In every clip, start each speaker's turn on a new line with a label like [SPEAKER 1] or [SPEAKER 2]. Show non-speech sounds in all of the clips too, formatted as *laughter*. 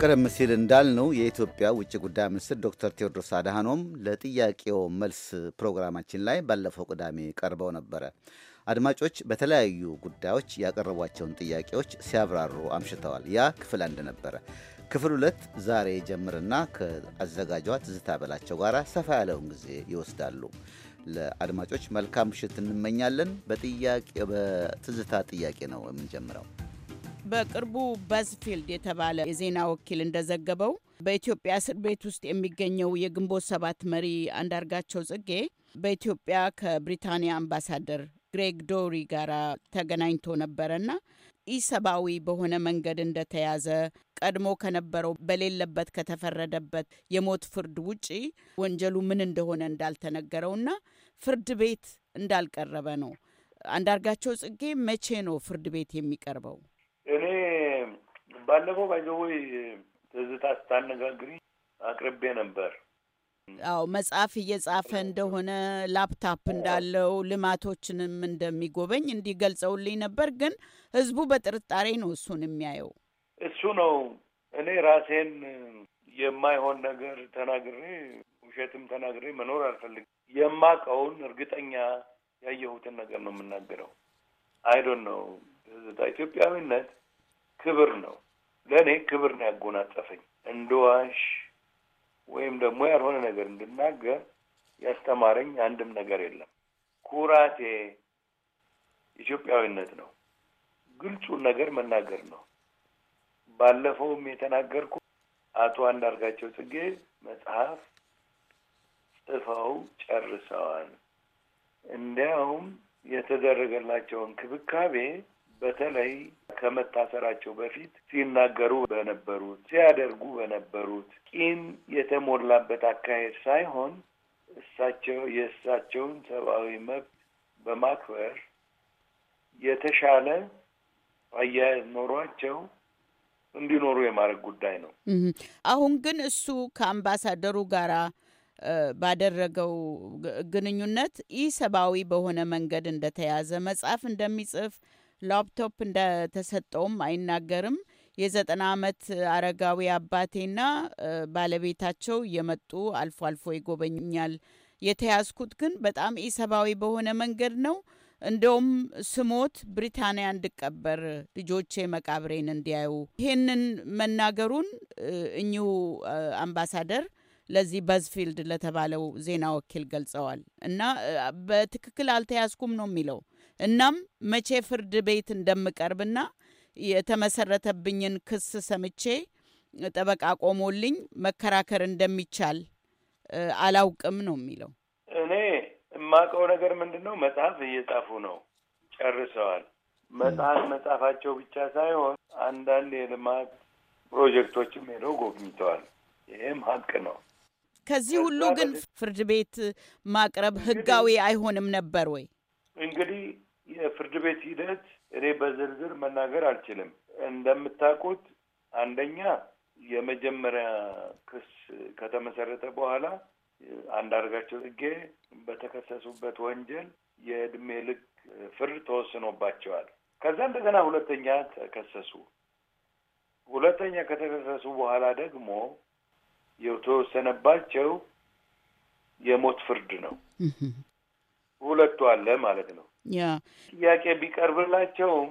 [SPEAKER 1] ቀደም ሲል እንዳልነው የኢትዮጵያ ውጭ ጉዳይ ሚኒስትር ዶክተር ቴዎድሮስ አድሃኖም ለጥያቄው መልስ ፕሮግራማችን ላይ ባለፈው ቅዳሜ ቀርበው ነበረ። አድማጮች በተለያዩ ጉዳዮች ያቀረቧቸውን ጥያቄዎች ሲያብራሩ አምሽተዋል። ያ ክፍል አንድ ነበረ። ክፍል ሁለት ዛሬ ጀምርና ከአዘጋጇ ትዝታ በላቸው ጋር ሰፋ ያለውን ጊዜ ይወስዳሉ። ለአድማጮች መልካም ምሽት እንመኛለን። በጥያቄ በትዝታ ጥያቄ ነው የምንጀምረው። በቅርቡ በዝፊልድ የተባለ የዜና ወኪል እንደዘገበው በኢትዮጵያ እስር ቤት ውስጥ የሚገኘው የግንቦት ሰባት መሪ አንዳርጋቸው ጽጌ በኢትዮጵያ ከብሪታንያ አምባሳደር ግሬግ ዶሪ ጋር ተገናኝቶ ነበረና ኢሰብአዊ በሆነ መንገድ እንደተያዘ ቀድሞ ከነበረው በሌለበት ከተፈረደበት የሞት ፍርድ ውጪ ወንጀሉ ምን እንደሆነ እንዳልተነገረውና ፍርድ ቤት እንዳልቀረበ ነው። አንዳርጋቸው ጽጌ መቼ ነው ፍርድ ቤት የሚቀርበው?
[SPEAKER 2] ባለፈው ባይዘወይ ትዝታ ስታነጋግሪ አቅርቤ ነበር።
[SPEAKER 1] አዎ መጽሐፍ እየጻፈ እንደሆነ ላፕታፕ እንዳለው ልማቶችንም እንደሚጎበኝ እንዲገልጸውልኝ ነበር። ግን ህዝቡ በጥርጣሬ ነው እሱን የሚያየው።
[SPEAKER 2] እሱ ነው እኔ ራሴን የማይሆን ነገር ተናግሬ ውሸትም ተናግሬ መኖር አልፈልግም። የማውቀውን እርግጠኛ ያየሁትን ነገር ነው የምናገረው። አይዶን ነው ኢትዮጵያዊነት ክብር ነው። ለእኔ ክብር ነው ያጎናጸፈኝ። እንደዋሽ ወይም ደግሞ ያልሆነ ነገር እንድናገር ያስተማረኝ አንድም ነገር የለም። ኩራቴ ኢትዮጵያዊነት ነው። ግልጹን ነገር መናገር ነው። ባለፈውም የተናገርኩ አቶ አንዳርጋቸው ጽጌ መጽሐፍ ጽፈው ጨርሰዋል። እንዲያውም የተደረገላቸውን ክብካቤ በተለይ ከመታሰራቸው በፊት ሲናገሩ በነበሩት ሲያደርጉ በነበሩት ቂም የተሞላበት አካሄድ ሳይሆን እሳቸው የእሳቸውን ሰብአዊ መብት በማክበር የተሻለ አያያዝ ኖሯቸው እንዲኖሩ የማድረግ ጉዳይ
[SPEAKER 1] ነው። አሁን ግን እሱ ከአምባሳደሩ ጋራ ባደረገው ግንኙነት ኢሰብአዊ በሆነ መንገድ እንደተያዘ መጽሐፍ እንደሚጽፍ ላፕቶፕ እንደተሰጠውም አይናገርም። የዘጠና ዓመት አረጋዊ አባቴና ባለቤታቸው እየመጡ አልፎ አልፎ ይጎበኛል። የተያዝኩት ግን በጣም ኢሰብአዊ በሆነ መንገድ ነው። እንደውም ስሞት ብሪታንያ እንድቀበር ልጆቼ መቃብሬን እንዲያዩ ይህንን መናገሩን እኚሁ አምባሳደር ለዚህ በዝፊልድ ለተባለው ዜና ወኪል ገልጸዋል። እና በትክክል አልተያዝኩም ነው የሚለው እናም መቼ ፍርድ ቤት እንደምቀርብና የተመሰረተብኝን ክስ ሰምቼ ጠበቃ ቆሞልኝ መከራከር እንደሚቻል አላውቅም ነው የሚለው።
[SPEAKER 2] እኔ የማውቀው ነገር ምንድን ነው፣ መጽሐፍ እየጻፉ ነው፣ ጨርሰዋል። መጽሐፍ መጻፋቸው ብቻ ሳይሆን አንዳንድ የልማት ፕሮጀክቶችም ሄደው ጎብኝተዋል። ይህም ሀቅ ነው።
[SPEAKER 1] ከዚህ ሁሉ ግን ፍርድ ቤት ማቅረብ ህጋዊ አይሆንም ነበር ወይ?
[SPEAKER 2] እንግዲህ የፍርድ ቤት ሂደት እኔ በዝርዝር መናገር አልችልም። እንደምታውቁት አንደኛ የመጀመሪያ ክስ ከተመሰረተ በኋላ አንዳርጋቸው ጽጌ በተከሰሱበት ወንጀል የእድሜ ልክ ፍርድ ተወስኖባቸዋል። ከዛ እንደገና ሁለተኛ ተከሰሱ። ሁለተኛ ከተከሰሱ በኋላ ደግሞ የተወሰነባቸው የሞት ፍርድ ነው። ሁለቱ አለ ማለት ነው። ጥያቄ ቢቀርብላቸውም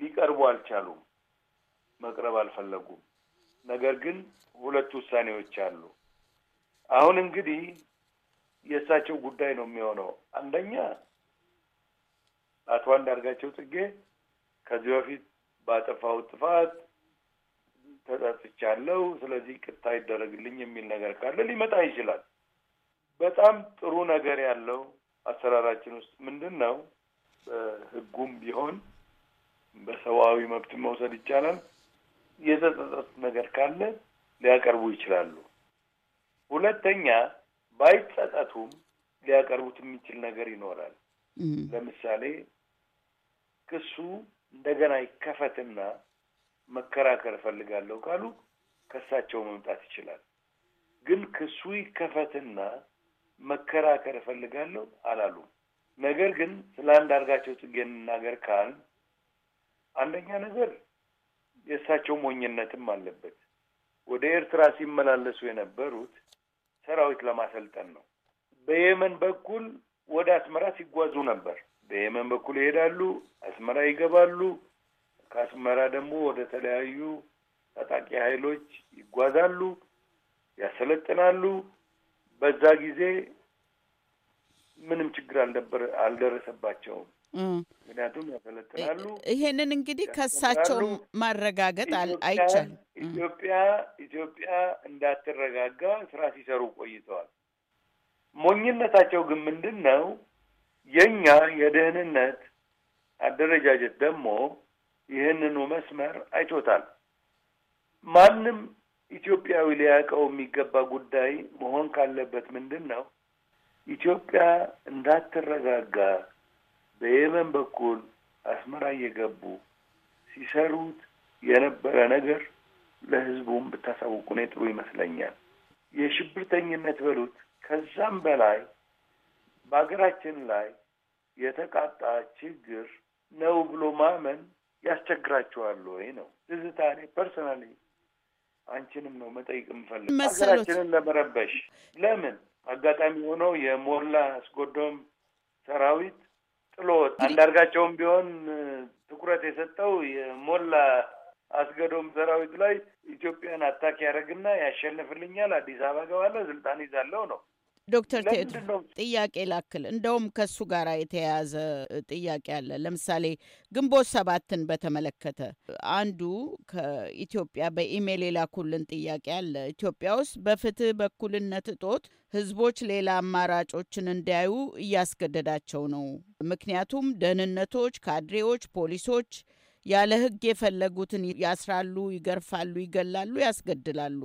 [SPEAKER 2] ሊቀርቡ አልቻሉም፣ መቅረብ አልፈለጉም። ነገር ግን ሁለት ውሳኔዎች አሉ። አሁን እንግዲህ የእሳቸው ጉዳይ ነው የሚሆነው። አንደኛ አቶ አንዳርጋቸው ጽጌ ከዚህ በፊት ባጠፋው ጥፋት ተጸጽቻለሁ፣ ስለዚህ ቅታ ይደረግልኝ የሚል ነገር ካለ ሊመጣ ይችላል። በጣም ጥሩ ነገር ያለው አሰራራችን ውስጥ ምንድን ነው በህጉም ቢሆን በሰብአዊ መብት መውሰድ ይቻላል። የተጸጸት ነገር ካለ ሊያቀርቡ ይችላሉ። ሁለተኛ ባይጸጸቱም ሊያቀርቡት የሚችል ነገር ይኖራል። ለምሳሌ ክሱ እንደገና ይከፈትና መከራከር እፈልጋለሁ ካሉ ከሳቸው መምጣት ይችላል። ግን ክሱ ይከፈትና መከራከር እፈልጋለሁ አላሉም። ነገር ግን ስለ አንዳርጋቸው ጽጌ እንናገር ካል አንደኛ ነገር የእሳቸው ሞኝነትም አለበት። ወደ ኤርትራ ሲመላለሱ የነበሩት ሰራዊት ለማሰልጠን ነው። በየመን በኩል ወደ አስመራ ሲጓዙ ነበር። በየመን በኩል ይሄዳሉ፣ አስመራ ይገባሉ። ከአስመራ ደግሞ ወደ ተለያዩ ታጣቂ ኃይሎች ይጓዛሉ፣ ያሰለጥናሉ። በዛ ጊዜ ምንም ችግር አልነበር አልደረሰባቸውም። ምክንያቱም ያሰለጥናሉ።
[SPEAKER 1] ይሄንን እንግዲህ ከሳቸው ማረጋገጥ አይቻልም።
[SPEAKER 2] ኢትዮጵያ ኢትዮጵያ እንዳትረጋጋ ስራ ሲሰሩ ቆይተዋል። ሞኝነታቸው ግን ምንድን ነው? የእኛ የደህንነት አደረጃጀት ደግሞ ይህንኑ መስመር አይቶታል። ማንም ኢትዮጵያዊ ሊያውቀው የሚገባ ጉዳይ መሆን ካለበት ምንድን ነው? ኢትዮጵያ እንዳትረጋጋ በየመን በኩል አስመራ እየገቡ ሲሰሩት የነበረ ነገር ለህዝቡም ብታሳውቁ እኔ ጥሩ ይመስለኛል። የሽብርተኝነት በሉት ከዛም በላይ በሀገራችን ላይ የተቃጣ ችግር ነው ብሎ ማመን ያስቸግራቸዋል ወይ ነው ትዝታኔ ፐርሰናሊ አንቺንም ነው መጠይቅ የምፈልግ ሀገራችንን ለመረበሽ ለምን አጋጣሚ ሆነው የሞላ አስጎዶም ሰራዊት ጥሎት አንዳርጋቸውም ቢሆን ትኩረት የሰጠው የሞላ አስገዶም ሰራዊት ላይ ኢትዮጵያን አታክ ያደረግና ያሸንፍልኛል፣ አዲስ አበባ ገባለሁ፣ ስልጣን ይዛለሁ ነው።
[SPEAKER 1] ዶክተር ቴድሮ ጥያቄ ላክል። እንደውም ከእሱ ጋር የተያያዘ ጥያቄ አለ። ለምሳሌ ግንቦት ሰባትን በተመለከተ አንዱ ከኢትዮጵያ በኢሜይል የላኩልን ጥያቄ አለ። ኢትዮጵያ ውስጥ በፍትህ በኩልነት እጦት ህዝቦች ሌላ አማራጮችን እንዲያዩ እያስገደዳቸው ነው። ምክንያቱም ደህንነቶች፣ ካድሬዎች፣ ፖሊሶች ያለ ህግ የፈለጉትን ያስራሉ፣ ይገርፋሉ፣ ይገላሉ፣ ያስገድላሉ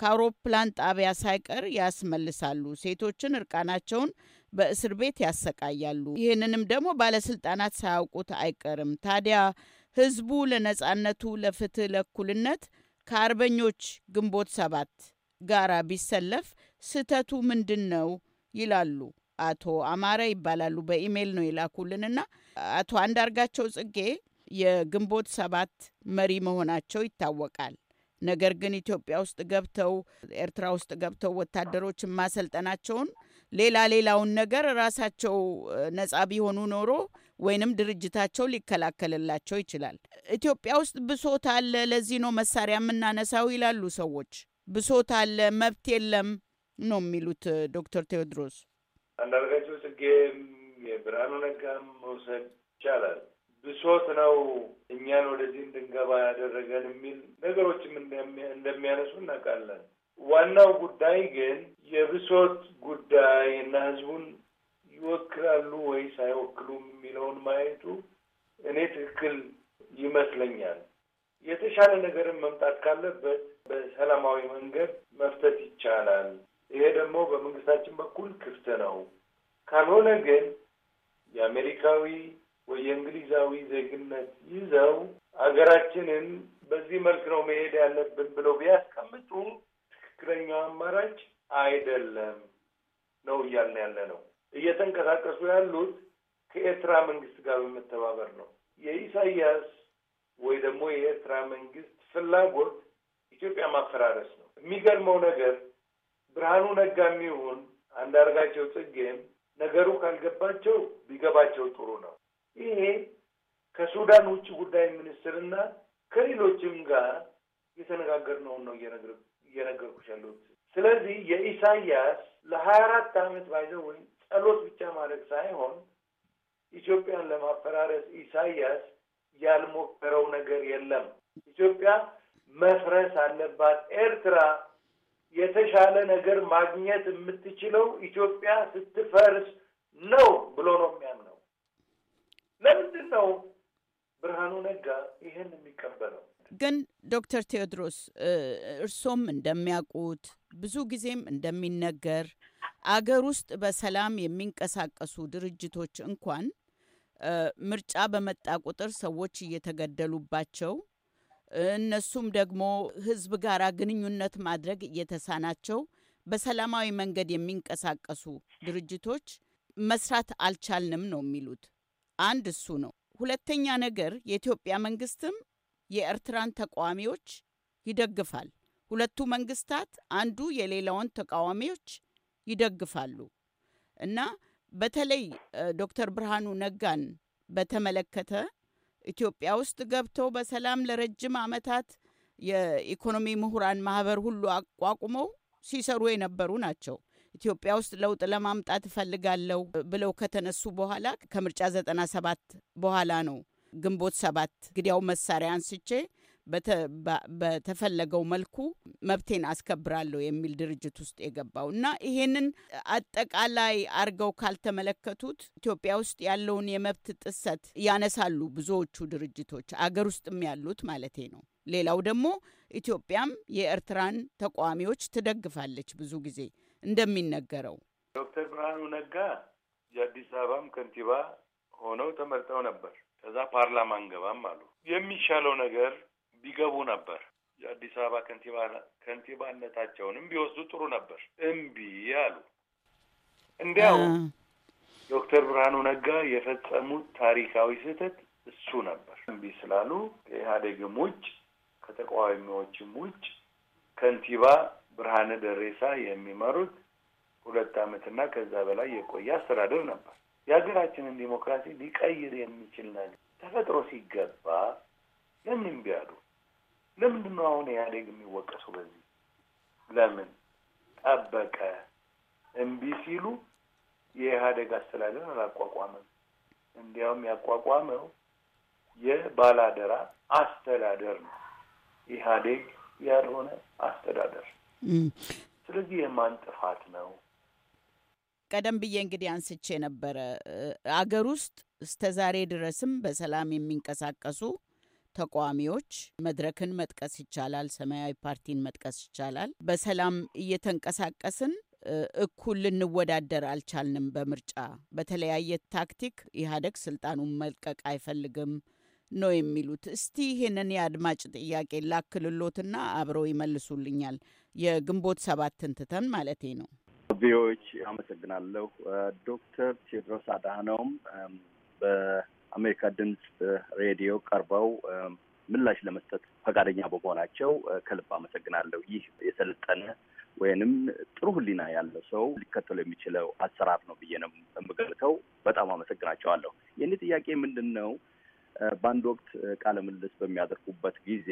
[SPEAKER 1] ከአውሮፕላን ጣቢያ ሳይቀር ያስመልሳሉ። ሴቶችን እርቃናቸውን በእስር ቤት ያሰቃያሉ። ይህንንም ደግሞ ባለስልጣናት ሳያውቁት አይቀርም። ታዲያ ህዝቡ ለነጻነቱ፣ ለፍትህ፣ ለእኩልነት ከአርበኞች ግንቦት ሰባት ጋራ ቢሰለፍ ስህተቱ ምንድን ነው ይላሉ። አቶ አማረ ይባላሉ። በኢሜይል ነው የላኩልንና አቶ አንዳርጋቸው ጽጌ የግንቦት ሰባት መሪ መሆናቸው ይታወቃል። ነገር ግን ኢትዮጵያ ውስጥ ገብተው ኤርትራ ውስጥ ገብተው ወታደሮች ማሰልጠናቸውን ሌላ ሌላውን ነገር ራሳቸው ነጻ ቢሆኑ ኖሮ ወይንም ድርጅታቸው ሊከላከልላቸው ይችላል። ኢትዮጵያ ውስጥ ብሶት አለ። ለዚህ ነው መሳሪያ የምናነሳው ይላሉ ሰዎች። ብሶት አለ፣ መብት የለም ነው የሚሉት ዶክተር ቴዎድሮስ
[SPEAKER 2] አንዳርጋቸው ጽጌም የብርሃኑ ነጋም መውሰድ ይቻላል። ብሶት ነው እኛን ወደዚህ እንድንገባ ያደረገን የሚል ነገሮችም እንደሚያነሱ እናውቃለን። ዋናው ጉዳይ ግን የብሶት ጉዳይ እና ህዝቡን ይወክላሉ ወይስ አይወክሉም የሚለውን ማየቱ እኔ ትክክል ይመስለኛል። የተሻለ ነገርን መምጣት ካለበት በሰላማዊ መንገድ መፍተት ይቻላል። ይሄ ደግሞ በመንግስታችን በኩል ክፍት ነው። ካልሆነ ግን የአሜሪካዊ ወይ የእንግሊዛዊ ዜግነት ይዘው ሀገራችንን በዚህ መልክ ነው መሄድ ያለብን ብለው ቢያስቀምጡ ትክክለኛው አማራጭ አይደለም ነው እያልን ያለ ነው። እየተንቀሳቀሱ ያሉት ከኤርትራ መንግስት ጋር በመተባበር ነው። የኢሳያስ ወይ ደግሞ የኤርትራ መንግስት ፍላጎት ኢትዮጵያ ማፈራረስ ነው። የሚገርመው ነገር ብርሃኑ ነጋ የሚሆን አንዳርጋቸው ጽጌም ነገሩ ካልገባቸው ቢገባቸው ጥሩ ነው። ይሄ ከሱዳን ውጭ ጉዳይ ሚኒስትርና ከሌሎችም ጋር የተነጋገርነውን ነው እየነገርኩሽ ያለሁት። ስለዚህ የኢሳያስ ለሀያ አራት ዓመት ባይዘ ወይም ጸሎት ብቻ ማድረግ ሳይሆን ኢትዮጵያን ለማፈራረስ ኢሳያስ ያልሞከረው ነገር የለም። ኢትዮጵያ መፍረስ አለባት። ኤርትራ የተሻለ ነገር ማግኘት የምትችለው ኢትዮጵያ ስትፈርስ ነው ብሎ ነው የሚያምነው። ለምንድን ነው ብርሃኑ ነጋ ይህን የሚቀበለው?
[SPEAKER 1] ግን ዶክተር ቴዎድሮስ እርሶም እንደሚያውቁት ብዙ ጊዜም እንደሚነገር አገር ውስጥ በሰላም የሚንቀሳቀሱ ድርጅቶች እንኳን ምርጫ በመጣ ቁጥር ሰዎች እየተገደሉባቸው እነሱም ደግሞ ሕዝብ ጋር ግንኙነት ማድረግ እየተሳናቸው በሰላማዊ መንገድ የሚንቀሳቀሱ ድርጅቶች መስራት አልቻልንም ነው የሚሉት። አንድ እሱ ነው። ሁለተኛ ነገር የኢትዮጵያ መንግስትም የኤርትራን ተቃዋሚዎች ይደግፋል። ሁለቱ መንግስታት አንዱ የሌላውን ተቃዋሚዎች ይደግፋሉ እና በተለይ ዶክተር ብርሃኑ ነጋን በተመለከተ ኢትዮጵያ ውስጥ ገብተው በሰላም ለረጅም ዓመታት የኢኮኖሚ ምሁራን ማህበር ሁሉ አቋቁመው ሲሰሩ የነበሩ ናቸው። ኢትዮጵያ ውስጥ ለውጥ ለማምጣት እፈልጋለሁ ብለው ከተነሱ በኋላ ከምርጫ ዘጠና ሰባት በኋላ ነው ግንቦት ሰባት ግዲያው መሳሪያ አንስቼ በተፈለገው መልኩ መብቴን አስከብራለሁ የሚል ድርጅት ውስጥ የገባው እና ይሄንን አጠቃላይ አርገው ካልተመለከቱት ኢትዮጵያ ውስጥ ያለውን የመብት ጥሰት ያነሳሉ ብዙዎቹ ድርጅቶች አገር ውስጥም ያሉት ማለቴ ነው። ሌላው ደግሞ ኢትዮጵያም የኤርትራን ተቃዋሚዎች ትደግፋለች ብዙ ጊዜ እንደሚነገረው
[SPEAKER 2] ዶክተር ብርሃኑ ነጋ የአዲስ አበባም ከንቲባ ሆነው ተመርጠው ነበር። ከዛ ፓርላማ እንገባም አሉ። የሚሻለው ነገር ቢገቡ ነበር። የአዲስ አበባ ከንቲባ ከንቲባነታቸውንም ቢወስዱ ጥሩ ነበር። እምቢ አሉ። እንዲያው ዶክተር ብርሃኑ ነጋ የፈጸሙት ታሪካዊ ስህተት እሱ ነበር። እምቢ ስላሉ ከኢህአዴግም ውጭ ከተቃዋሚዎችም ውጭ ከንቲባ ብርሃነ ደሬሳ የሚመሩት ሁለት ዓመትና ከዛ በላይ የቆየ አስተዳደር ነበር። የሀገራችንን ዲሞክራሲ ሊቀይር የሚችል ነገር ተፈጥሮ ሲገባ ለምን እምቢ አሉ? ለምንድን ነው አሁን ኢህአዴግ የሚወቀሱ? በዚህ ለምን ጠበቀ? እምቢ ሲሉ የኢህአዴግ አስተዳደር አላቋቋመም። እንዲያውም ያቋቋመው የባላደራ አስተዳደር ነው። ኢህአዴግ ያልሆነ አስተዳደር ስለዚህ የማን ጥፋት ነው?
[SPEAKER 1] ቀደም ብዬ እንግዲህ አንስቼ ነበረ። አገር ውስጥ እስከ ዛሬ ድረስም በሰላም የሚንቀሳቀሱ ተቃዋሚዎች መድረክን መጥቀስ ይቻላል፣ ሰማያዊ ፓርቲን መጥቀስ ይቻላል። በሰላም እየተንቀሳቀስን እኩል ልንወዳደር አልቻልንም። በምርጫ በተለያየ ታክቲክ ኢህአዴግ ስልጣኑን መልቀቅ አይፈልግም፣ ነው የሚሉት። እስቲ ይህንን የአድማጭ ጥያቄ ላክልሎትና አብረው ይመልሱልኛል። የግንቦት ሰባትን ትተን ማለቴ ነው።
[SPEAKER 3] ቪዎች አመሰግናለሁ። ዶክተር ቴድሮስ አድሃኖም በአሜሪካ ድምፅ ሬዲዮ ቀርበው ምላሽ ለመስጠት ፈቃደኛ በመሆናቸው ከልብ አመሰግናለሁ። ይህ የሰለጠነ ወይንም ጥሩ ሕሊና ያለው ሰው ሊከተሉ የሚችለው አሰራር ነው ብዬ ነው የምገልተው። በጣም አመሰግናቸዋለሁ። የእኔ ጥያቄ ምንድን ነው? በአንድ ወቅት ቃለ ምልልስ በሚያደርጉበት ጊዜ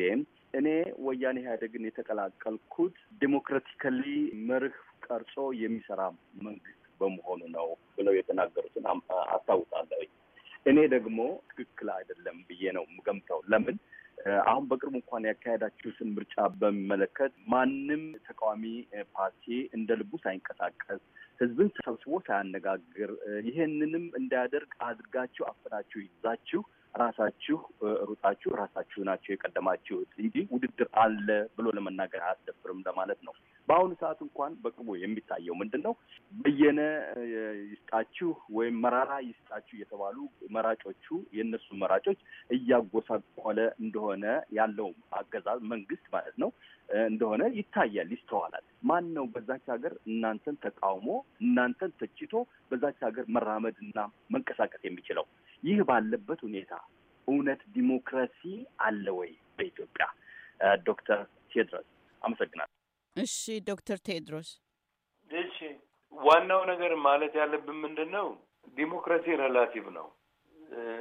[SPEAKER 3] እኔ ወያኔ ኢህአዴግን የተቀላቀልኩት ዴሞክራቲካሊ መርህ ቀርጾ የሚሰራ መንግስት በመሆኑ ነው ብለው የተናገሩትን አስታውሳለሁ። እኔ ደግሞ ትክክል አይደለም ብዬ ነው የምገምተው። ለምን አሁን በቅርቡ እንኳን ያካሄዳችሁትን ምርጫ በሚመለከት ማንም ተቃዋሚ ፓርቲ እንደ ልቡ ሳይንቀሳቀስ ህዝብን ተሰብስቦ ሳያነጋግር ይሄንንም እንዳያደርግ አድርጋችሁ አፍናችሁ ይዛችሁ ራሳችሁ ሩጣችሁ ራሳችሁ ናቸው የቀደማችሁት እንጂ ውድድር አለ ብሎ ለመናገር አያስደፍርም ለማለት ነው። በአሁኑ ሰዓት እንኳን በቅርቡ የሚታየው ምንድን ነው? በየነ ይስጣችሁ ወይም መራራ ይስጣችሁ የተባሉ መራጮቹ የእነሱ መራጮች እያጎሳቆለ እንደሆነ ያለው አገዛዝ መንግስት ማለት ነው እንደሆነ ይታያል፣ ይስተዋላል። ማን ነው በዛች ሀገር እናንተን ተቃውሞ እናንተን ተችቶ በዛች ሀገር እና መንቀሳቀስ የሚችለው? ይህ ባለበት ሁኔታ እውነት ዲሞክራሲ አለ ወይ በኢትዮጵያ? ዶክተር ቴድሮስ
[SPEAKER 1] አመሰግናለሁ። እሺ ዶክተር ቴድሮስ
[SPEAKER 2] እሺ። ዋናው ነገር ማለት ያለብን ምንድን ነው፣ ዲሞክራሲ ሬላቲቭ ነው።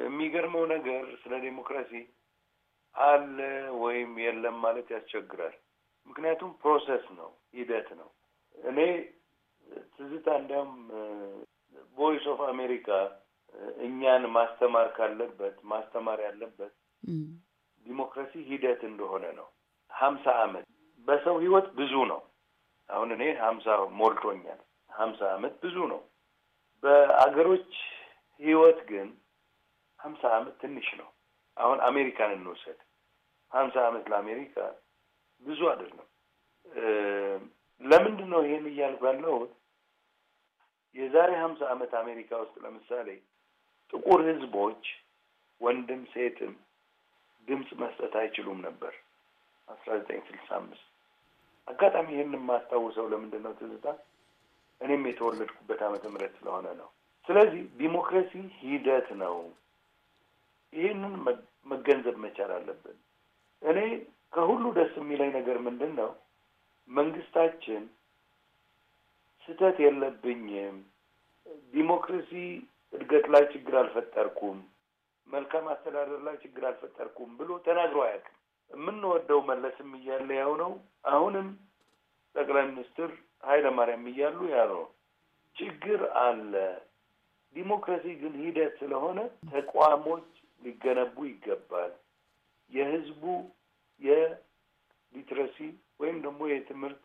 [SPEAKER 2] የሚገርመው ነገር ስለ ዲሞክራሲ አለ ወይም የለም ማለት ያስቸግራል። ምክንያቱም ፕሮሰስ ነው፣ ሂደት ነው። እኔ ትዝታ እንዲያውም ቮይስ ኦፍ አሜሪካ እኛን ማስተማር ካለበት ማስተማር ያለበት ዲሞክራሲ ሂደት እንደሆነ ነው። ሀምሳ አመት በሰው ህይወት ብዙ ነው። አሁን እኔ ሀምሳ ሞልቶኛል። ሀምሳ አመት ብዙ ነው። በአገሮች ህይወት ግን ሀምሳ አመት ትንሽ ነው። አሁን አሜሪካን እንወሰድ ሀምሳ አመት ለአሜሪካ ብዙ አይደለም። ለምንድን ነው ይሄን እያልኩ ያለሁት? የዛሬ ሀምሳ አመት አሜሪካ ውስጥ ለምሳሌ ጥቁር ህዝቦች ወንድም ሴትም ድምፅ መስጠት አይችሉም ነበር። አስራ ዘጠኝ ስልሳ አምስት አጋጣሚ ይህን የማስታውሰው ለምንድን ነው ትዝታ? እኔም የተወለድኩበት አመተ ምህረት ስለሆነ ነው። ስለዚህ ዲሞክራሲ ሂደት ነው። ይህንን መገንዘብ መቻል አለብን። እኔ ከሁሉ ደስ የሚለኝ ነገር ምንድን ነው መንግስታችን ስህተት የለብኝም ዲሞክራሲ እድገት ላይ ችግር አልፈጠርኩም፣ መልካም አስተዳደር ላይ ችግር አልፈጠርኩም ብሎ ተናግሮ አያውቅም። የምንወደው መለስም እያለ ያው ነው። አሁንም ጠቅላይ ሚኒስትር ኃይለማርያም እያሉ ያለው ችግር አለ። ዲሞክራሲ ግን ሂደት ስለሆነ ተቋሞች ሊገነቡ ይገባል። የህዝቡ የሊትረሲ ወይም ደግሞ የትምህርት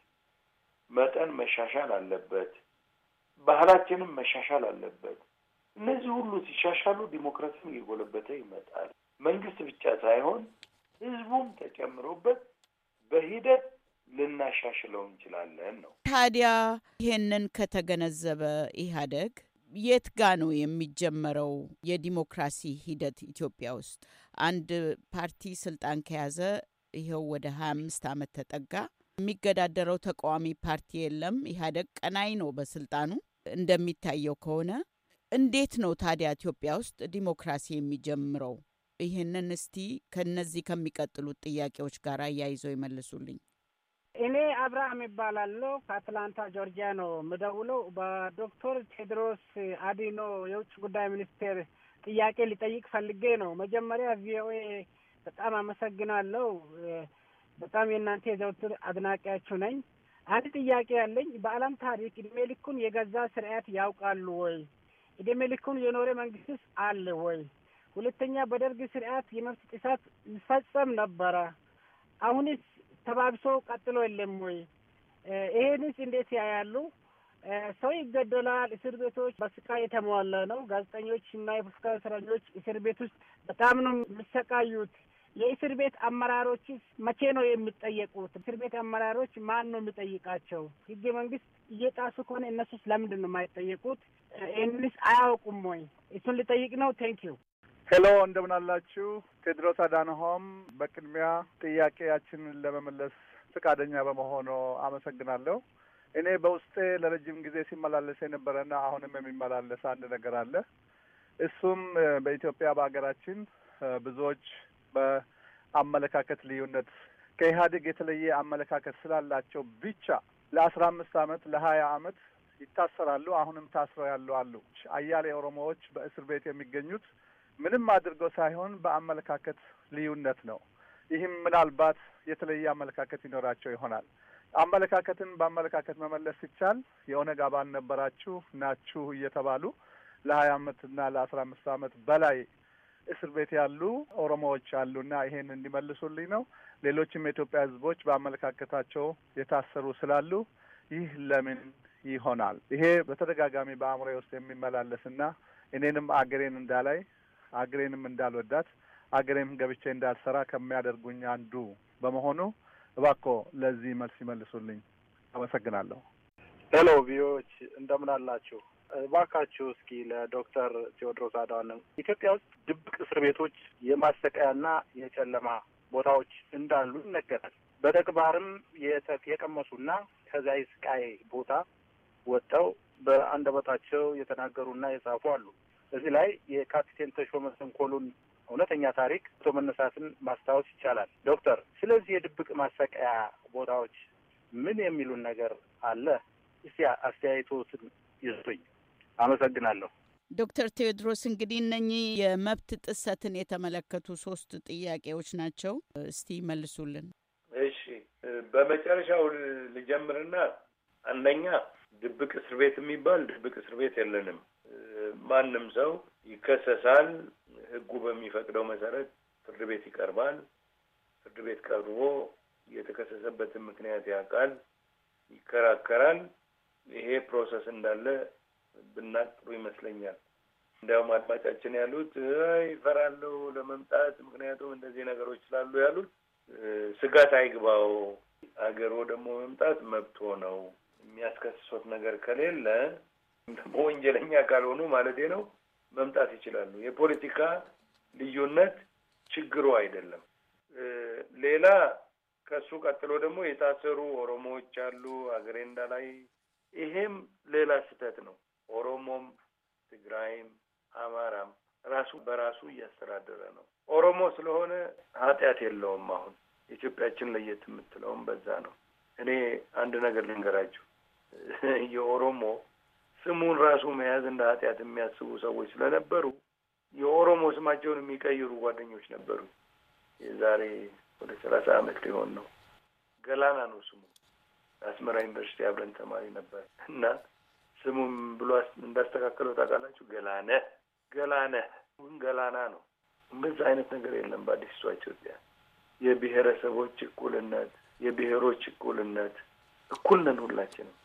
[SPEAKER 2] መጠን መሻሻል አለበት። ባህላችንም መሻሻል አለበት። እነዚህ ሁሉ ሲሻሻሉ ዲሞክራሲም እየጎለበተ ይመጣል። መንግስት ብቻ ሳይሆን ህዝቡም ተጨምሮበት በሂደት ልናሻሽለው እንችላለን ነው።
[SPEAKER 1] ታዲያ ይሄንን ከተገነዘበ ኢህአደግ የት ጋ ነው የሚጀመረው የዲሞክራሲ ሂደት ኢትዮጵያ ውስጥ? አንድ ፓርቲ ስልጣን ከያዘ ይኸው ወደ ሀያ አምስት አመት ተጠጋ። የሚገዳደረው ተቃዋሚ ፓርቲ የለም። ኢህአደግ ቀናይ ነው በስልጣኑ እንደሚታየው ከሆነ እንዴት ነው ታዲያ ኢትዮጵያ ውስጥ ዲሞክራሲ የሚጀምረው? ይህንን እስቲ ከነዚህ ከሚቀጥሉት ጥያቄዎች ጋር አያይዘው ይመልሱልኝ።
[SPEAKER 4] እኔ አብርሃም ይባላለሁ። ከአትላንታ ጆርጂያ ነው ምደውለው። በዶክተር ቴድሮስ አዲኖ የውጭ ጉዳይ ሚኒስቴር ጥያቄ ሊጠይቅ ፈልጌ ነው። መጀመሪያ ቪኦኤ በጣም አመሰግናለሁ። በጣም የእናንተ የዘውትር አድናቂያችሁ ነኝ። አንድ ጥያቄ ያለኝ በዓለም ታሪክ እድሜ ልኩን የገዛ ስርዓት ያውቃሉ ወይ? እድሜ ልኩን የኖረ መንግስትስ አለ ወይ? ሁለተኛ በደርግ ስርዓት የመብት ጥሰት ይፈጸም ነበረ። አሁንስ ተባብሶ ቀጥሎ የለም ወይ? ይሄንስ እንዴት ያያሉ? ሰው ይገደላል። እስር ቤቶች በስቃይ የተሟላ ነው። ጋዜጠኞች እና የፖለቲካ እስረኞች እስር ቤት ውስጥ በጣም ነው የሚሰቃዩት። የእስር ቤት አመራሮችስ መቼ ነው የሚጠየቁት? እስር ቤት አመራሮች ማን ነው የሚጠይቃቸው? ህገ መንግስት እየጣሱ ከሆነ እነሱስ ለምንድን ነው የማይጠየቁት? ይህንስ አያውቁም ወይ? እሱን ልጠይቅ ነው። ቴንክ ዩ። ሄሎ፣ እንደምናላችሁ
[SPEAKER 5] ቴድሮስ አዳንሆም፣ በቅድሚያ ጥያቄያችንን ለመመለስ ፈቃደኛ በመሆኑ አመሰግናለሁ። እኔ በውስጤ ለረጅም ጊዜ ሲመላለስ የነበረና አሁንም የሚመላለስ አንድ ነገር አለ። እሱም በኢትዮጵያ በሀገራችን ብዙዎች በአመለካከት ልዩነት ከኢህአዴግ የተለየ አመለካከት ስላላቸው ብቻ ለአስራ አምስት አመት ለሀያ አመት ይታሰራሉ። አሁንም ታስረው ያሉ አሉ። አያሌ ኦሮሞዎች በእስር ቤት የሚገኙት ምንም አድርገው ሳይሆን በአመለካከት ልዩነት ነው። ይህም ምናልባት የተለየ አመለካከት ይኖራቸው ይሆናል። አመለካከትን በአመለካከት መመለስ ሲቻል የኦነግ አባል ነበራችሁ ናችሁ እየተባሉ ለሀያ አመትና እና ለአስራ አምስት አመት በላይ እስር ቤት ያሉ ኦሮሞዎች አሉና ይሄን እንዲመልሱልኝ ነው። ሌሎችም የኢትዮጵያ ሕዝቦች በአመለካከታቸው የታሰሩ ስላሉ ይህ ለምን ይሆናል? ይሄ በተደጋጋሚ በአእምሮ ውስጥ የሚመላለስና እኔንም አገሬን እንዳላይ አገሬንም እንዳልወዳት አገሬም ገብቼ እንዳልሰራ ከሚያደርጉኝ አንዱ በመሆኑ እባኮ ለዚህ መልስ ይመልሱልኝ። አመሰግናለሁ። ሄሎ ቪዎች እንደምን አላችሁ? እባካችሁ እስኪ ለዶክተር ቴዎድሮስ አድሃኖም ኢትዮጵያ ውስጥ ድብቅ እስር ቤቶች
[SPEAKER 3] የማሰቃያና የጨለማ ቦታዎች እንዳሉ ይነገራል። በተግባርም የቀመሱና ከዚያ የስቃይ ቦታ ወጥተው በአንደበታቸው
[SPEAKER 2] የተናገሩና የጻፉ አሉ። እዚህ ላይ የካፒቴን ተሾመ ስንኮሉን እውነተኛ ታሪክ ቶ መነሳትን ማስታወስ ይቻላል። ዶክተር፣ ስለዚህ የድብቅ ማሰቃያ ቦታዎች
[SPEAKER 3] ምን የሚሉን ነገር አለ? እስቲ አስተያየቶትን ይስጡኝ። አመሰግናለሁ።
[SPEAKER 1] ዶክተር ቴዎድሮስ እንግዲህ እነኚህ የመብት ጥሰትን የተመለከቱ ሶስት ጥያቄዎች ናቸው። እስቲ መልሱልን።
[SPEAKER 2] እሺ፣ በመጨረሻው ልጀምርና አንደኛ ድብቅ እስር ቤት የሚባል ድብቅ እስር ቤት የለንም። ማንም ሰው ይከሰሳል። ሕጉ በሚፈቅደው መሰረት ፍርድ ቤት ይቀርባል። ፍርድ ቤት ቀርቦ የተከሰሰበትን ምክንያት ያውቃል፣ ይከራከራል። ይሄ ፕሮሰስ እንዳለ ብናቅ ጥሩ ይመስለኛል። እንዲያውም አድማጫችን ያሉት ይፈራለሁ ለመምጣት ምክንያቱም እንደዚህ ነገሮች ስላሉ ያሉት ስጋት አይግባው። አገሮ ደግሞ መምጣት መብቶ ነው። የሚያስከስሶት ነገር ከሌለ ወንጀለኛ ካልሆኑ ማለት ነው መምጣት ይችላሉ። የፖለቲካ ልዩነት ችግሩ አይደለም። ሌላ ከሱ ቀጥሎ ደግሞ የታሰሩ ኦሮሞዎች አሉ አገሬንዳ ላይ። ይሄም ሌላ ስህተት ነው። ኦሮሞም፣ ትግራይም፣ አማራም ራሱ በራሱ እያስተዳደረ ነው። ኦሮሞ ስለሆነ ኃጢአት የለውም። አሁን ኢትዮጵያችን ለየት የምትለውም በዛ ነው። እኔ አንድ ነገር ልንገራችሁ። *laughs* የኦሮሞ ስሙን ራሱ መያዝ እንደ ኃጢአት የሚያስቡ ሰዎች ስለነበሩ የኦሮሞ ስማቸውን የሚቀይሩ ጓደኞች ነበሩ። የዛሬ ወደ ሰላሳ አመት ሊሆን ነው። ገላና ነው ስሙ። አስመራ ዩኒቨርሲቲ አብረን ተማሪ ነበር እና ስሙም ብሎ እንዳስተካከለው ታውቃላችሁ። ገላነ ገላነ ገላና ነው። እንደዛ አይነት ነገር የለም በአዲስቷ ኢትዮጵያ። የብሔረሰቦች እኩልነት፣ የብሔሮች እኩልነት፣ እኩል ነን ሁላችንም።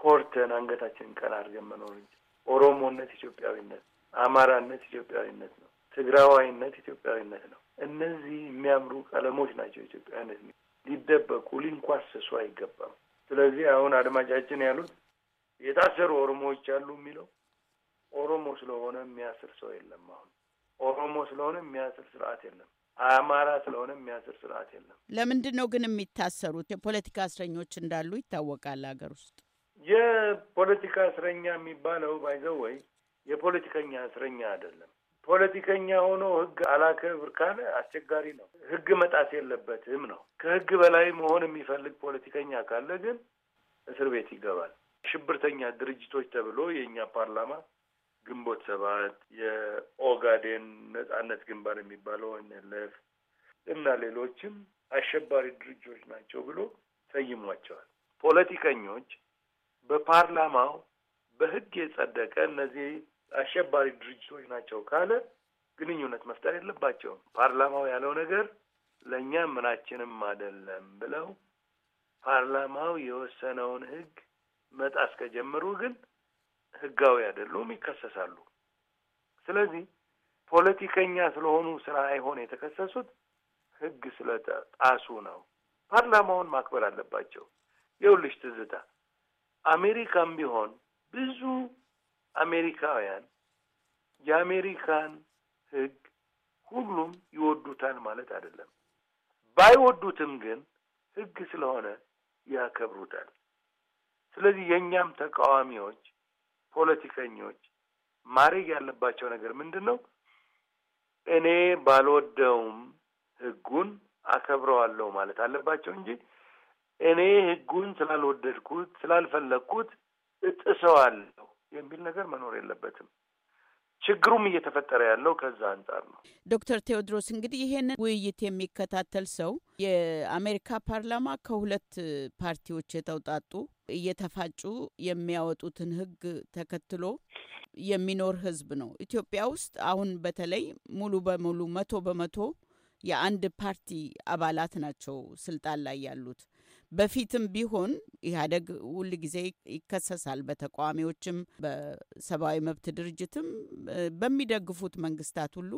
[SPEAKER 2] ኮርተን አንገታችንን ቀና አድርገን መኖር እንጂ ኦሮሞነት ኢትዮጵያዊነት፣ አማራነት ኢትዮጵያዊነት ነው። ትግራዋይነት ኢትዮጵያዊነት ነው። እነዚህ የሚያምሩ ቀለሞች ናቸው ኢትዮጵያዊነት። ሊደበቁ ሊንኳሰሱ አይገባም። ስለዚህ አሁን አድማጫችን ያሉት የታሰሩ ኦሮሞዎች አሉ የሚለው ኦሮሞ ስለሆነ የሚያስር ሰው የለም። አሁን ኦሮሞ ስለሆነ የሚያስር ስርዓት የለም። አማራ ስለሆነ የሚያስር ስርዓት የለም።
[SPEAKER 1] ለምንድን ነው ግን የሚታሰሩት? የፖለቲካ እስረኞች እንዳሉ ይታወቃል ሀገር ውስጥ።
[SPEAKER 2] የፖለቲካ እስረኛ የሚባለው ባይዘው ወይ የፖለቲከኛ እስረኛ አይደለም። ፖለቲከኛ ሆኖ ህግ አላከብር ካለ አስቸጋሪ ነው። ህግ መጣስ የለበትም ነው። ከህግ በላይ መሆን የሚፈልግ ፖለቲከኛ ካለ ግን እስር ቤት ይገባል። ሽብርተኛ ድርጅቶች ተብሎ የእኛ ፓርላማ ግንቦት ሰባት፣ የኦጋዴን ነጻነት ግንባር የሚባለው ኤንኤልኤፍ እና ሌሎችም አሸባሪ ድርጅቶች ናቸው ብሎ ሰይሟቸዋል። ፖለቲከኞች በፓርላማው በህግ የጸደቀ እነዚህ አሸባሪ ድርጅቶች ናቸው ካለ ግንኙነት መፍጠር የለባቸውም። ፓርላማው ያለው ነገር ለእኛ ምናችንም አይደለም ብለው ፓርላማው የወሰነውን ህግ መጣስ ከጀመሩ ግን ህጋዊ አይደሉም፣ ይከሰሳሉ። ስለዚህ ፖለቲከኛ ስለሆኑ ስራ አይሆን የተከሰሱት ህግ ስለጣሱ ነው። ፓርላማውን ማክበር አለባቸው። የውልሽ ትዝታ፣ አሜሪካም ቢሆን ብዙ አሜሪካውያን የአሜሪካን ህግ ሁሉም ይወዱታል ማለት አይደለም። ባይወዱትም ግን ህግ ስለሆነ ያከብሩታል። ስለዚህ የእኛም ተቃዋሚዎች፣ ፖለቲከኞች ማድረግ ያለባቸው ነገር ምንድን ነው? እኔ ባልወደውም ህጉን አከብረዋለሁ ማለት አለባቸው እንጂ እኔ ህጉን ስላልወደድኩት ስላልፈለግኩት እጥሰዋለሁ የሚል ነገር መኖር የለበትም። ችግሩም እየተፈጠረ ያለው ከዛ አንጻር ነው።
[SPEAKER 1] ዶክተር ቴዎድሮስ እንግዲህ ይሄንን ውይይት የሚከታተል ሰው የአሜሪካ ፓርላማ ከሁለት ፓርቲዎች የተውጣጡ እየተፋጩ የሚያወጡትን ህግ ተከትሎ የሚኖር ህዝብ ነው። ኢትዮጵያ ውስጥ አሁን በተለይ ሙሉ በሙሉ መቶ በመቶ የአንድ ፓርቲ አባላት ናቸው ስልጣን ላይ ያሉት። በፊትም ቢሆን ኢህአደግ ሁል ጊዜ ይከሰሳል፣ በተቃዋሚዎችም፣ በሰብአዊ መብት ድርጅትም በሚደግፉት መንግስታት ሁሉ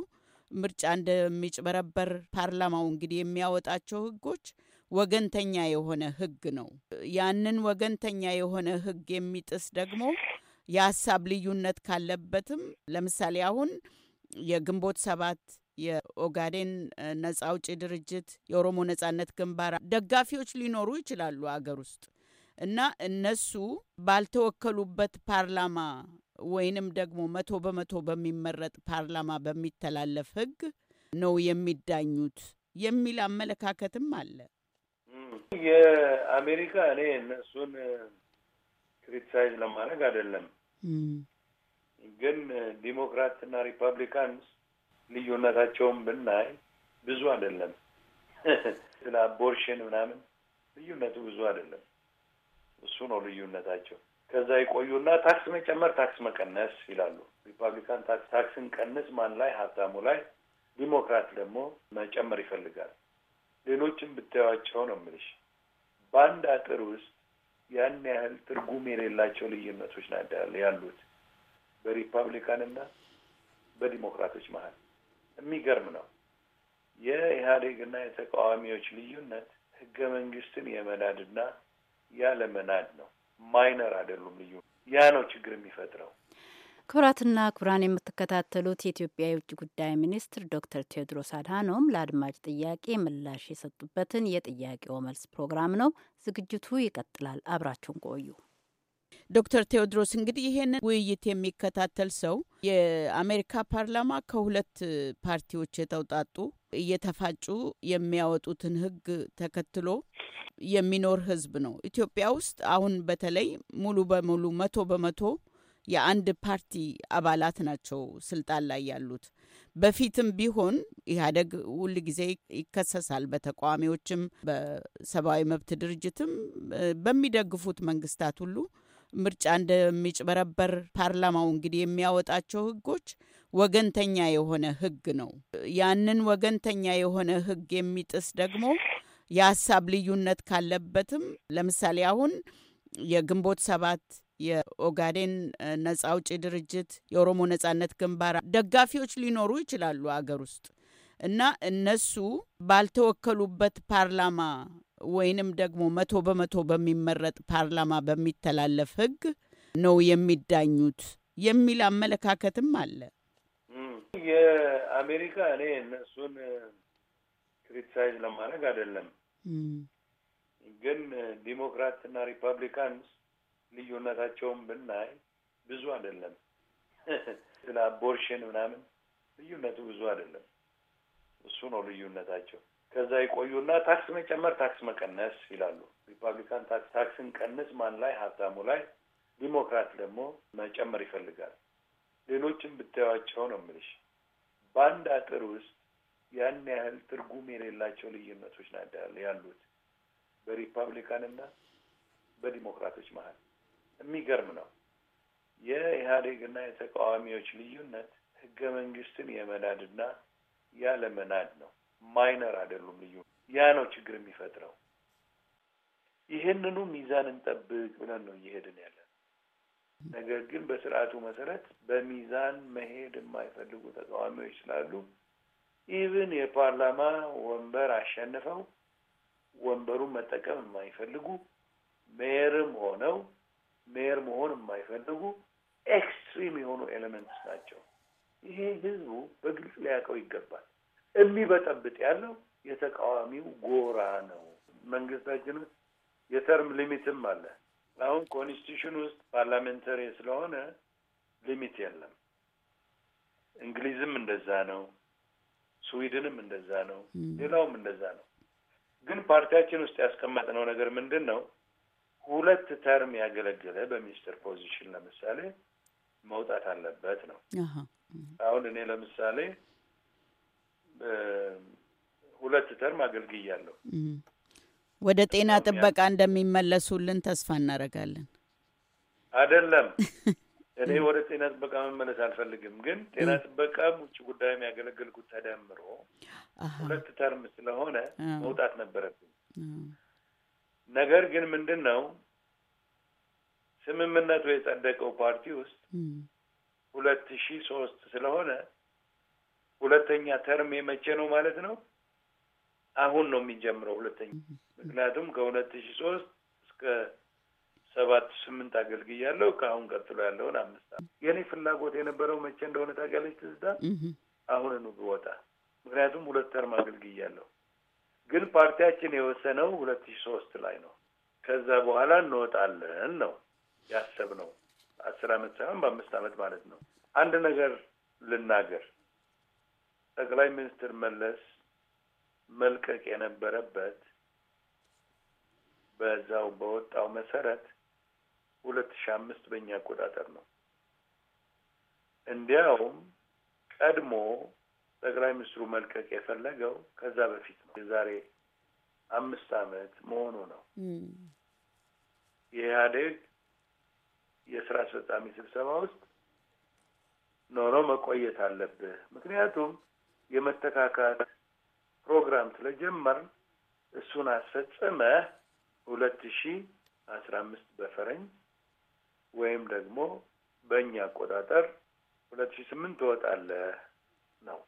[SPEAKER 1] ምርጫ እንደሚጭበረበር ፓርላማው እንግዲህ የሚያወጣቸው ህጎች። ወገንተኛ የሆነ ህግ ነው። ያንን ወገንተኛ የሆነ ህግ የሚጥስ ደግሞ የሀሳብ ልዩነት ካለበትም ለምሳሌ አሁን የግንቦት ሰባት የኦጋዴን ነጻ አውጪ ድርጅት የኦሮሞ ነጻነት ግንባር ደጋፊዎች ሊኖሩ ይችላሉ አገር ውስጥ እና እነሱ ባልተወከሉበት ፓርላማ ወይንም ደግሞ መቶ በመቶ በሚመረጥ ፓርላማ በሚተላለፍ ህግ ነው የሚዳኙት የሚል አመለካከትም አለ።
[SPEAKER 2] የሚያደርጉት የአሜሪካ እኔ እነሱን ክሪቲሳይዝ ለማድረግ አይደለም፣ ግን ዲሞክራት እና ሪፐብሊካንስ ልዩነታቸውን ብናይ ብዙ አይደለም። *laughs* ስለ አቦርሽን ምናምን ልዩነቱ ብዙ አይደለም። እሱ ነው ልዩነታቸው። ከዛ ይቆዩና ታክስ መጨመር፣ ታክስ መቀነስ ይላሉ። ሪፐብሊካን ታክስን ቀንስ ማን ላይ? ሀብታሙ ላይ። ዲሞክራት ደግሞ መጨመር ይፈልጋል። ሌሎችን ብታያቸው ነው የምልሽ። በአንድ አጥር ውስጥ ያን ያህል ትርጉም የሌላቸው ልዩነቶች ናዳል ያሉት በሪፐብሊካንና በዲሞክራቶች መሀል የሚገርም ነው። የኢህአዴግና የተቃዋሚዎች ልዩነት ህገ መንግስትን የመናድና ያለመናድ ነው። ማይነር አይደሉም። ልዩ ያ ነው ችግር የሚፈጥረው።
[SPEAKER 1] ክቡራትና ክቡራን የምትከታተሉት የኢትዮጵያ የውጭ ጉዳይ ሚኒስትር ዶክተር ቴዎድሮስ አድሃኖም ለአድማጭ ጥያቄ ምላሽ የሰጡበትን የጥያቄው መልስ ፕሮግራም ነው። ዝግጅቱ ይቀጥላል። አብራችሁን ቆዩ። ዶክተር ቴዎድሮስ እንግዲህ ይሄንን ውይይት የሚከታተል ሰው የአሜሪካ ፓርላማ ከሁለት ፓርቲዎች የተውጣጡ እየተፋጩ የሚያወጡትን ሕግ ተከትሎ የሚኖር ሕዝብ ነው። ኢትዮጵያ ውስጥ አሁን በተለይ ሙሉ በሙሉ መቶ በመቶ የአንድ ፓርቲ አባላት ናቸው ስልጣን ላይ ያሉት። በፊትም ቢሆን ኢህአደግ ሁል ጊዜ ይከሰሳል፣ በተቃዋሚዎችም፣ በሰብአዊ መብት ድርጅትም፣ በሚደግፉት መንግስታት ሁሉ ምርጫ እንደሚጭበረበር ፓርላማው እንግዲህ የሚያወጣቸው ህጎች ወገንተኛ የሆነ ህግ ነው። ያንን ወገንተኛ የሆነ ህግ የሚጥስ ደግሞ የሀሳብ ልዩነት ካለበትም ለምሳሌ አሁን የግንቦት ሰባት የኦጋዴን ነጻ አውጪ ድርጅት፣ የኦሮሞ ነጻነት ግንባር ደጋፊዎች ሊኖሩ ይችላሉ አገር ውስጥ እና እነሱ ባልተወከሉበት ፓርላማ ወይንም ደግሞ መቶ በመቶ በሚመረጥ ፓርላማ በሚተላለፍ ህግ ነው የሚዳኙት የሚል አመለካከትም አለ።
[SPEAKER 2] የአሜሪካ እኔ እነሱን ክሪቲሳይዝ ለማድረግ አይደለም፣ ግን ዲሞክራትና ሪፐብሊካንስ ልዩነታቸውን ብናይ ብዙ አይደለም። *laughs* ስለ አቦርሽን ምናምን ልዩነቱ ብዙ አይደለም። እሱ ነው ልዩነታቸው። ከዛ ይቆዩና ታክስ መጨመር፣ ታክስ መቀነስ ይላሉ። ሪፐብሊካን ታክስን ቀንስ ማን ላይ? ሀብታሙ ላይ። ዲሞክራት ደግሞ መጨመር ይፈልጋል። ሌሎችም ብታዩቸው ነው የምልሽ በአንድ አጥር ውስጥ ያን ያህል ትርጉም የሌላቸው ልዩነቶች ናዳል ያሉት በሪፐብሊካንና በዲሞክራቶች መሀል የሚገርም ነው። የኢህአዴግና የተቃዋሚዎች ልዩነት ህገ መንግስትን የመናድና ያለ መናድ ነው። ማይነር አይደሉም። ልዩ ያ ነው ችግር የሚፈጥረው። ይህንኑ ሚዛን እንጠብቅ ብለን ነው እየሄድን ያለ። ነገር ግን በስርዓቱ መሰረት በሚዛን መሄድ የማይፈልጉ ተቃዋሚዎች ስላሉ ኢቭን የፓርላማ ወንበር አሸንፈው ወንበሩን መጠቀም የማይፈልጉ ሜርም ሆነው ሜየር መሆን የማይፈልጉ ኤክስትሪም የሆኑ ኤሌመንትስ ናቸው። ይሄ ህዝቡ በግልጽ ሊያውቀው ይገባል። የሚበጠብጥ ያለው የተቃዋሚው ጎራ ነው። መንግስታችን ውስጥ የተርም ሊሚትም አለ። አሁን ኮንስቲቱሽን ውስጥ ፓርላሜንተሪ ስለሆነ ሊሚት የለም። እንግሊዝም እንደዛ ነው፣ ስዊድንም እንደዛ ነው፣ ሌላውም እንደዛ ነው። ግን ፓርቲያችን ውስጥ ያስቀመጥነው ነገር ምንድን ነው? ሁለት ተርም ያገለገለ በሚኒስትር ፖዚሽን ለምሳሌ መውጣት አለበት ነው። አሁን እኔ ለምሳሌ ሁለት ተርም አገልግያለሁ።
[SPEAKER 1] ወደ ጤና ጥበቃ እንደሚመለሱልን ተስፋ እናደርጋለን።
[SPEAKER 2] አይደለም *laughs* እኔ ወደ ጤና ጥበቃ መመለስ አልፈልግም፣ ግን ጤና ጥበቃ ውጭ ጉዳይም ያገለገልኩት ተደምሮ ሁለት ተርም ስለሆነ መውጣት ነበረብኝ። ነገር ግን ምንድን ነው ስምምነቱ የጸደቀው ፓርቲ ውስጥ ሁለት ሺ ሶስት ስለሆነ ሁለተኛ ተርም የመቼ ነው ማለት ነው? አሁን ነው የሚጀምረው ሁለተኛ። ምክንያቱም ከሁለት ሺ ሶስት እስከ ሰባት ስምንት አገልግያለሁ። ከአሁን ቀጥሎ ያለውን አምስት የኔ ፍላጎት የነበረው መቼ እንደሆነ ታውቂያለሽ ትዝታ፣ አሁን እንውጣ። ምክንያቱም ሁለት ተርም አገልግያለሁ። ግን ፓርቲያችን የወሰነው ሁለት ሺ ሶስት ላይ ነው። ከዛ በኋላ እንወጣለን ነው ያሰብነው። አስር አመት ሳይሆን በአምስት አመት ማለት ነው። አንድ ነገር ልናገር። ጠቅላይ ሚኒስትር መለስ መልቀቅ የነበረበት በዛው በወጣው መሰረት ሁለት ሺ አምስት በእኛ አቆጣጠር ነው። እንዲያውም ቀድሞ ጠቅላይ ሚኒስትሩ መልቀቅ የፈለገው ከዛ በፊት ነው። የዛሬ አምስት አመት መሆኑ ነው። የኢህአዴግ የስራ አስፈጻሚ ስብሰባ ውስጥ ኖሮ መቆየት አለብህ፣ ምክንያቱም የመተካካት ፕሮግራም ስለጀመር እሱን አስፈጽመህ ሁለት ሺ አስራ አምስት በፈረኝ ወይም ደግሞ በእኛ አቆጣጠር ሁለት ሺ ስምንት ትወጣለህ ነው።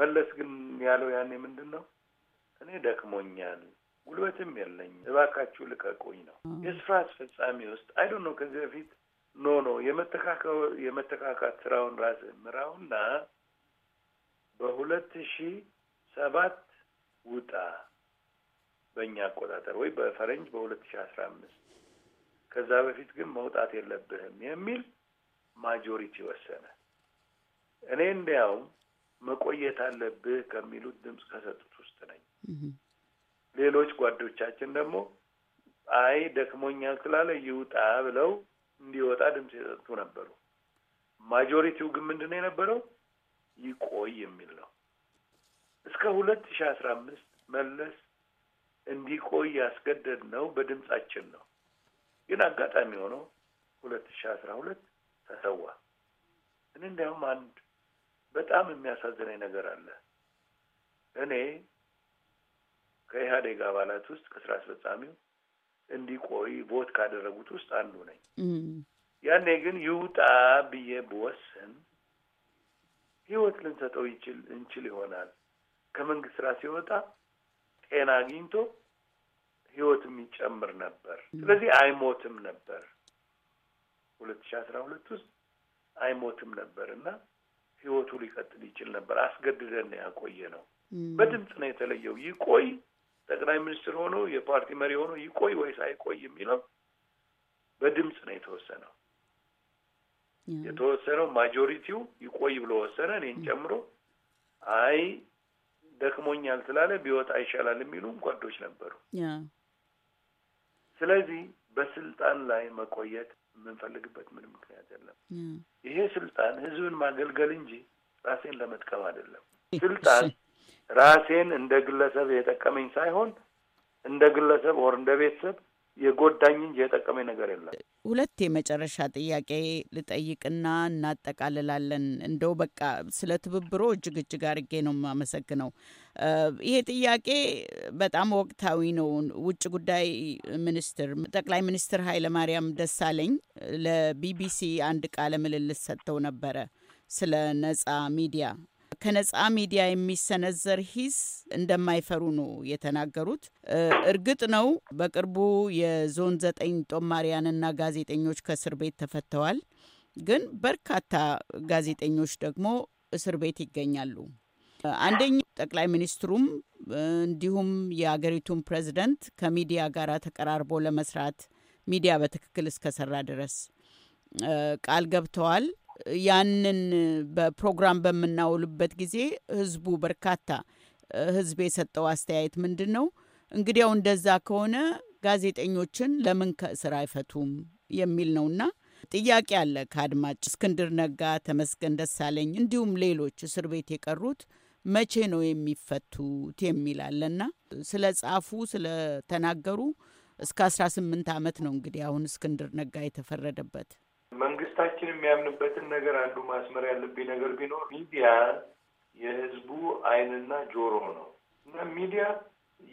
[SPEAKER 2] መለስ ግን ያለው ያኔ ምንድን ነው እኔ ደክሞኛል፣ ጉልበትም የለኝ፣ እባካችሁ ልቀቁኝ ነው። የስራ አስፈጻሚ ውስጥ አይዶ ነው ከዚህ በፊት ኖ ኖ የመተካካት ስራውን ራስ ምራውና በሁለት ሺ ሰባት ውጣ በእኛ አቆጣጠር ወይ በፈረንጅ በሁለት ሺ አስራ አምስት ከዛ በፊት ግን መውጣት የለብህም የሚል ማጆሪቲ ወሰነ። እኔ እንዲያውም መቆየት አለብህ ከሚሉት ድምፅ ከሰጡት ውስጥ ነኝ። ሌሎች ጓዶቻችን ደግሞ አይ ደክሞኛል ስላለ ይውጣ ብለው እንዲወጣ ድምፅ የሰጡ ነበሩ። ማጆሪቲው ግን ምንድን ነው የነበረው? ይቆይ የሚል ነው። እስከ ሁለት ሺ አስራ አምስት መለስ እንዲቆይ ያስገደድ ነው በድምፃችን ነው። ግን አጋጣሚ ሆኖ ሁለት ሺ አስራ ሁለት ተሰዋ። እኔ እንዲያውም አንድ በጣም የሚያሳዝነኝ ነገር አለ። እኔ ከኢህአዴግ አባላት ውስጥ ከስራ አስፈጻሚው እንዲቆይ ቦት ካደረጉት ውስጥ አንዱ ነኝ። ያኔ ግን ይውጣ ብዬ ብወስን ህይወት ልንሰጠው ይችል እንችል ይሆናል። ከመንግስት ስራ ሲወጣ ጤና አግኝቶ ህይወት የሚጨምር ነበር። ስለዚህ አይሞትም ነበር። ሁለት ሺ አስራ ሁለት ውስጥ አይሞትም ነበር እና ህይወቱ ሊቀጥል ይችል ነበር። አስገድደን ያቆየ ነው። በድምፅ ነው የተለየው። ይቆይ ጠቅላይ ሚኒስትር ሆኖ የፓርቲ መሪ ሆኖ ይቆይ ወይስ አይቆይ የሚለው በድምፅ ነው የተወሰነው። የተወሰነው ማጆሪቲው ይቆይ ብሎ ወሰነ። እኔን ጨምሮ አይ ደክሞኛል ስላለ ቢወጣ ይሻላል የሚሉም ጓዶች ነበሩ። ስለዚህ በስልጣን ላይ መቆየት የምንፈልግበት ምንም ምክንያት የለም። ይሄ ስልጣን ህዝብን ማገልገል እንጂ ራሴን ለመጥቀም አይደለም። ስልጣን ራሴን እንደ ግለሰብ የጠቀመኝ ሳይሆን እንደ ግለሰብ ወር እንደ ቤተሰብ የጎዳኝ የጠቀመኝ ነገር የለም።
[SPEAKER 1] ሁለት የመጨረሻ ጥያቄ ልጠይቅና እናጠቃልላለን። እንደው በቃ ስለ ትብብሮ እጅግ እጅግ አድርጌ ነው የማመሰግነው። ይሄ ጥያቄ በጣም ወቅታዊ ነው። ውጭ ጉዳይ ሚኒስትር ጠቅላይ ሚኒስትር ኃይለማርያም ደሳለኝ ለቢቢሲ አንድ ቃለ ምልልስ ሰጥተው ነበረ ስለ ነጻ ሚዲያ ከነጻ ሚዲያ የሚሰነዘር ሂስ እንደማይፈሩ ነው የተናገሩት። እርግጥ ነው በቅርቡ የዞን ዘጠኝ ጦማሪያንና ጋዜጠኞች ከእስር ቤት ተፈተዋል። ግን በርካታ ጋዜጠኞች ደግሞ እስር ቤት ይገኛሉ። አንደኛው ጠቅላይ ሚኒስትሩም እንዲሁም የአገሪቱን ፕሬዚደንት ከሚዲያ ጋር ተቀራርቦ ለመስራት ሚዲያ በትክክል እስከሰራ ድረስ ቃል ገብተዋል። ያንን በፕሮግራም በምናውልበት ጊዜ ህዝቡ በርካታ ህዝብ የሰጠው አስተያየት ምንድን ነው? እንግዲያው እንደዛ ከሆነ ጋዜጠኞችን ለምን ከእስር አይፈቱም የሚል ነውና ጥያቄ አለ ከአድማጭ እስክንድር ነጋ፣ ተመስገን ደሳለኝ እንዲሁም ሌሎች እስር ቤት የቀሩት መቼ ነው የሚፈቱት የሚል አለና ስለ ጻፉ ስለተናገሩ እስከ 18 ዓመት ነው እንግዲህ አሁን እስክንድር ነጋ የተፈረደበት።
[SPEAKER 2] መንግስታችን የሚያምንበትን ነገር አንዱ ማስመር ያለብኝ ነገር ቢኖር ሚዲያ የህዝቡ አይንና ጆሮ ነው እና ሚዲያ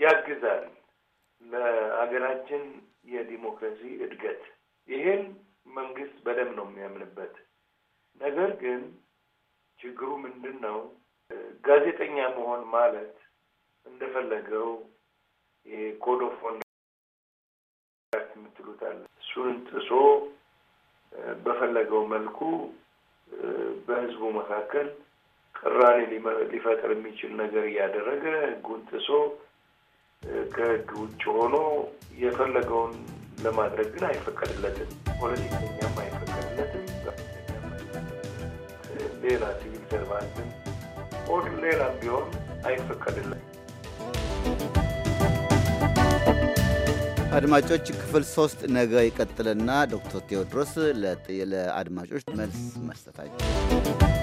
[SPEAKER 2] ያግዛል ለሀገራችን የዲሞክራሲ እድገት። ይሄን መንግስት በደንብ ነው የሚያምንበት። ነገር ግን ችግሩ ምንድን ነው? ጋዜጠኛ መሆን ማለት እንደፈለገው ኮዶፎን ኮድ ኦፍ ኮንዳክት የምትሉት አለ እሱን ጥሶ በፈለገው መልኩ በህዝቡ መካከል ቅራኔ ሊፈጥር የሚችል ነገር እያደረገ ህጉን ጥሶ ከህግ ውጭ ሆኖ የፈለገውን ለማድረግ ግን አይፈቀድለትም። ፖለቲከኛም አይፈቀድለትም። ሌላ ሲቪል ሰርቫንትም ሌላም ቢሆን አይፈቀድለትም።
[SPEAKER 1] አድማጮች ክፍል ሶስት ነገ ይቀጥልና ዶክተር ቴዎድሮስ ለአድማጮች መልስ መስጠታቸው